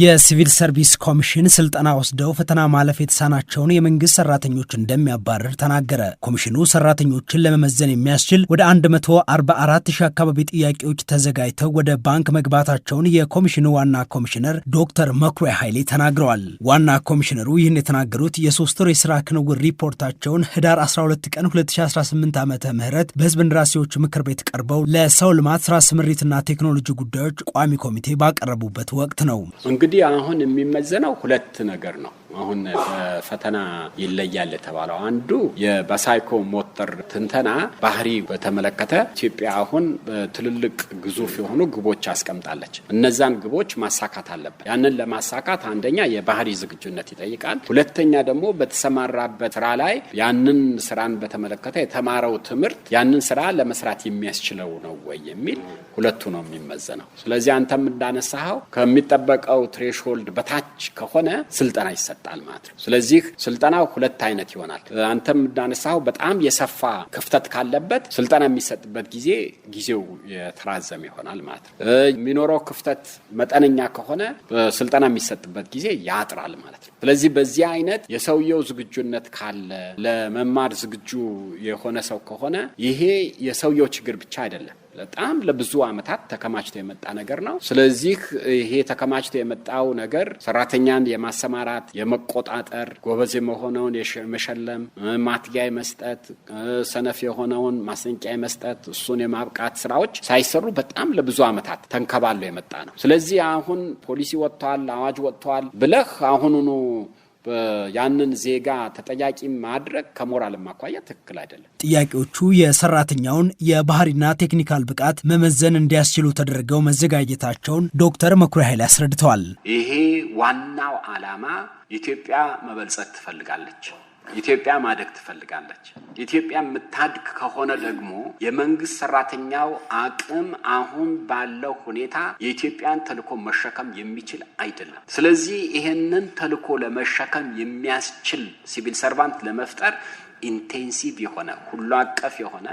የሲቪል ሰርቪስ ኮሚሽን ስልጠና ወስደው ፈተና ማለፍ የተሳናቸውን የመንግስት ሰራተኞች እንደሚያባርር ተናገረ። ኮሚሽኑ ሰራተኞችን ለመመዘን የሚያስችል ወደ 144 ሺህ አካባቢ ጥያቄዎች ተዘጋጅተው ወደ ባንክ መግባታቸውን የኮሚሽኑ ዋና ኮሚሽነር ዶክተር መኩሪያ ኃይሌ ተናግረዋል። ዋና ኮሚሽነሩ ይህን የተናገሩት የሶስት ወር የስራ ክንውር ሪፖርታቸውን ህዳር 12 ቀን 2018 ዓ ም በህዝብ እንደራሴዎች ምክር ቤት ቀርበው ለሰው ልማት ስራ ስምሪትና ቴክኖሎጂ ጉዳዮች ቋሚ ኮሚቴ ባቀረቡበት ወቅት ነው። እንግዲህ አሁን የሚመዘነው ሁለት ነገር ነው። አሁን በፈተና ይለያል የተባለው አንዱ በሳይኮ ቁጥጥር ትንተና ባህሪ በተመለከተ ኢትዮጵያ አሁን ትልልቅ ግዙፍ የሆኑ ግቦች አስቀምጣለች። እነዛን ግቦች ማሳካት አለበት። ያንን ለማሳካት አንደኛ የባህሪ ዝግጁነት ይጠይቃል። ሁለተኛ ደግሞ በተሰማራበት ስራ ላይ ያንን ስራን በተመለከተ የተማረው ትምህርት ያንን ስራ ለመስራት የሚያስችለው ነው ወይ የሚል ሁለቱ ነው የሚመዘነው። ስለዚህ አንተም እንዳነሳኸው ከሚጠበቀው ትሬሽሆልድ በታች ከሆነ ስልጠና ይሰጣል ማለት ነው። ስለዚህ ስልጠናው ሁለት አይነት ይሆናል። አንተም እንዳነሳኸው በጣም የሰ የከፋ ክፍተት ካለበት ስልጠና የሚሰጥበት ጊዜ ጊዜው የተራዘመ ይሆናል ማለት ነው። የሚኖረው ክፍተት መጠነኛ ከሆነ ስልጠና የሚሰጥበት ጊዜ ያጥራል ማለት ነው። ስለዚህ በዚህ አይነት የሰውየው ዝግጁነት ካለ ለመማር ዝግጁ የሆነ ሰው ከሆነ ይሄ የሰውየው ችግር ብቻ አይደለም። በጣም ለብዙ ዓመታት ተከማችቶ የመጣ ነገር ነው። ስለዚህ ይሄ ተከማችቶ የመጣው ነገር ሰራተኛን የማሰማራት የመቆጣጠር፣ ጎበዝ የመሆነውን የመሸለም፣ ማትጊያ የመስጠት፣ ሰነፍ የሆነውን ማስጠንቂያ የመስጠት፣ እሱን የማብቃት ስራዎች ሳይሰሩ በጣም ለብዙ ዓመታት ተንከባሎ የመጣ ነው። ስለዚህ አሁን ፖሊሲ ወጥቷል፣ አዋጅ ወጥቷል ብለህ አሁኑኑ ያንን ዜጋ ተጠያቂ ማድረግ ከሞራልም አኳያ ትክክል አይደለም። ጥያቄዎቹ የሰራተኛውን የባህሪና ቴክኒካል ብቃት መመዘን እንዲያስችሉ ተደርገው መዘጋጀታቸውን ዶክተር መኩሪያ ኃይል አስረድተዋል። ይሄ ዋናው ዓላማ ኢትዮጵያ መበልጸግ ትፈልጋለች። ኢትዮጵያ ማደግ ትፈልጋለች። ኢትዮጵያ የምታድግ ከሆነ ደግሞ የመንግስት ሰራተኛው አቅም አሁን ባለው ሁኔታ የኢትዮጵያን ተልዕኮ መሸከም የሚችል አይደለም። ስለዚህ ይሄንን ተልዕኮ ለመሸከም የሚያስችል ሲቪል ሰርቫንት ለመፍጠር ኢንቴንሲቭ የሆነ ሁሉ አቀፍ የሆነ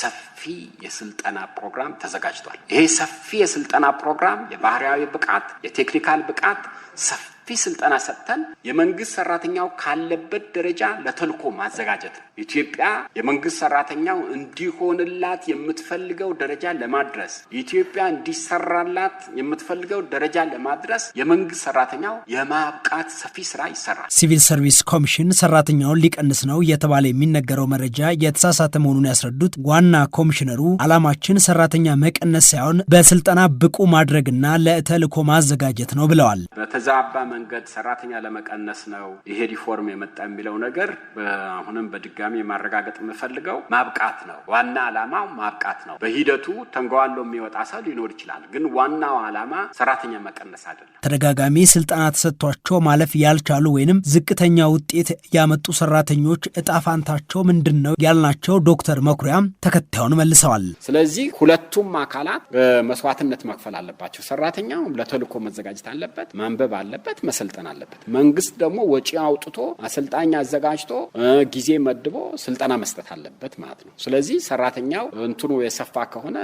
ሰፊ የስልጠና ፕሮግራም ተዘጋጅቷል። ይሄ ሰፊ የስልጠና ፕሮግራም የባህሪያዊ ብቃት፣ የቴክኒካል ብቃት ሰፊ ሰፊ ስልጠና ሰጥተን የመንግስት ሰራተኛው ካለበት ደረጃ ለተልኮ ማዘጋጀት ነው። ኢትዮጵያ የመንግስት ሰራተኛው እንዲሆንላት የምትፈልገው ደረጃ ለማድረስ ኢትዮጵያ እንዲሰራላት የምትፈልገው ደረጃ ለማድረስ የመንግስት ሰራተኛው የማብቃት ሰፊ ስራ ይሰራል። ሲቪል ሰርቪስ ኮሚሽን ሰራተኛውን ሊቀንስ ነው እየተባለ የሚነገረው መረጃ የተሳሳተ መሆኑን ያስረዱት ዋና ኮሚሽነሩ አላማችን ሰራተኛ መቀነስ ሳይሆን በስልጠና ብቁ ማድረግና ለተልኮ ማዘጋጀት ነው ብለዋል። በተዛባ መንገድ ሰራተኛ ለመቀነስ ነው ይሄ ሪፎርም የመጣ የሚለው ነገር አሁንም በድጋሚ ማረጋገጥ የምፈልገው ማብቃት ነው። ዋና ዓላማው ማብቃት ነው። በሂደቱ ተንጓሎ የሚወጣ ሰው ሊኖር ይችላል፣ ግን ዋናው ዓላማ ሰራተኛ መቀነስ አይደለም። ተደጋጋሚ ስልጠና ተሰጥቷቸው ማለፍ ያልቻሉ ወይንም ዝቅተኛ ውጤት ያመጡ ሰራተኞች እጣፋንታቸው ምንድን ነው ያልናቸው ዶክተር መኩሪያም ተከታዩን መልሰዋል። ስለዚህ ሁለቱም አካላት መስዋዕትነት መክፈል አለባቸው። ሰራተኛ ለተልእኮ መዘጋጀት አለበት፣ ማንበብ አለበት፣ መሰልጠን አለበት። መንግስት ደግሞ ወጪ አውጥቶ አሰልጣኝ አዘጋጅቶ ጊዜ መድቦ ስልጠና መስጠት አለበት ማለት ነው። ስለዚህ ሰራተኛው እንትኑ የሰፋ ከሆነ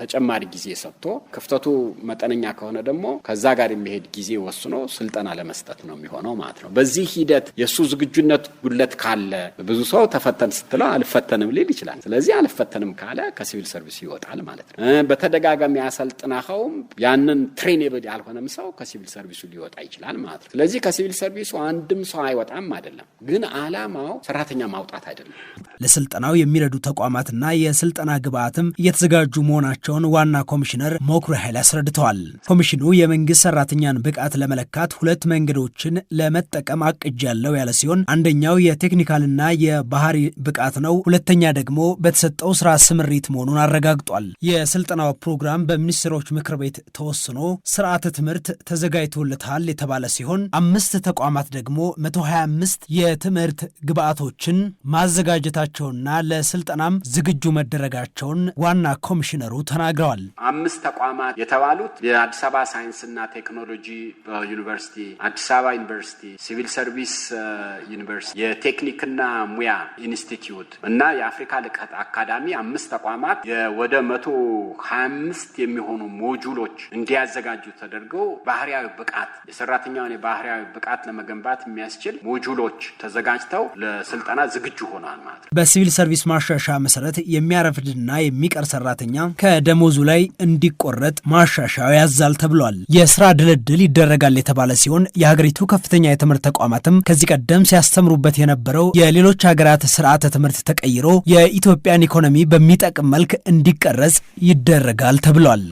ተጨማሪ ጊዜ ሰጥቶ ክፍተቱ መጠነኛ ከሆነ ደግሞ ከዛ ጋር የሚሄድ ጊዜ ወስኖ ስልጠና ለመስጠት ነው የሚሆነው ማለት ነው። በዚህ ሂደት የእሱ ዝግጁነት ጉድለት ካለ ብዙ ሰው ተፈተን ስትለው አልፈተንም ሊል ይችላል። ስለዚህ አልፈተንም ካለ ከሲቪል ሰርቪስ ይወጣል ማለት ነው። በተደጋጋሚ ያሰልጥናኸውም ያንን ትሬኔብል ያልሆነም ሰው ከሲቪል ሰርቪሱ ሊወጣ ሊወጣ ይችላል ማለት ነው። ስለዚህ ከሲቪል ሰርቪሱ አንድም ሰው አይወጣም አይደለም፣ ግን አላማው ሰራተኛ ማውጣት አይደለም። ለስልጠናው የሚረዱ ተቋማትና የስልጠና ግብአትም እየተዘጋጁ መሆናቸውን ዋና ኮሚሽነር መኩሪያ ኃይል አስረድተዋል። ኮሚሽኑ የመንግስት ሰራተኛን ብቃት ለመለካት ሁለት መንገዶችን ለመጠቀም አቅጅ ያለው ያለ ሲሆን አንደኛው የቴክኒካልና የባህሪ ብቃት ነው። ሁለተኛ ደግሞ በተሰጠው ስራ ስምሪት መሆኑን አረጋግጧል። የስልጠናው ፕሮግራም በሚኒስትሮች ምክር ቤት ተወስኖ ስርዓተ ትምህርት ተዘጋጅቶለታል ይሰጣል የተባለ ሲሆን አምስት ተቋማት ደግሞ 125 የትምህርት ግብዓቶችን ማዘጋጀታቸውና ለስልጠናም ዝግጁ መደረጋቸውን ዋና ኮሚሽነሩ ተናግረዋል። አምስት ተቋማት የተባሉት የአዲስ አበባ ሳይንስና ቴክኖሎጂ ዩኒቨርሲቲ፣ አዲስ አበባ ዩኒቨርሲቲ፣ ሲቪል ሰርቪስ ዩኒቨርሲቲ፣ የቴክኒክና ሙያ ኢንስቲትዩት እና የአፍሪካ ልቀት አካዳሚ አምስት ተቋማት ወደ መቶ የሚሆኑ ሞጁሎች እንዲያዘጋጁ ተደርገው ባህሪያዊ ብቃት የሰራተኛውን የባህሪያዊ ብቃት ለመገንባት የሚያስችል ሞጁሎች ተዘጋጅተው ለስልጠና ዝግጁ ሆኗል ማለት ነው። በሲቪል ሰርቪስ ማሻሻያ መሰረት የሚያረፍድና የሚቀር ሰራተኛ ከደሞዙ ላይ እንዲቆረጥ ማሻሻያው ያዛል ተብሏል። የስራ ድልድል ይደረጋል የተባለ ሲሆን የሀገሪቱ ከፍተኛ የትምህርት ተቋማትም ከዚህ ቀደም ሲያስተምሩበት የነበረው የሌሎች ሀገራት ስርዓተ ትምህርት ተቀይሮ የኢትዮጵያን ኢኮኖሚ በሚጠቅም መልክ እንዲቀረጽ ይደረጋል ተብሏል።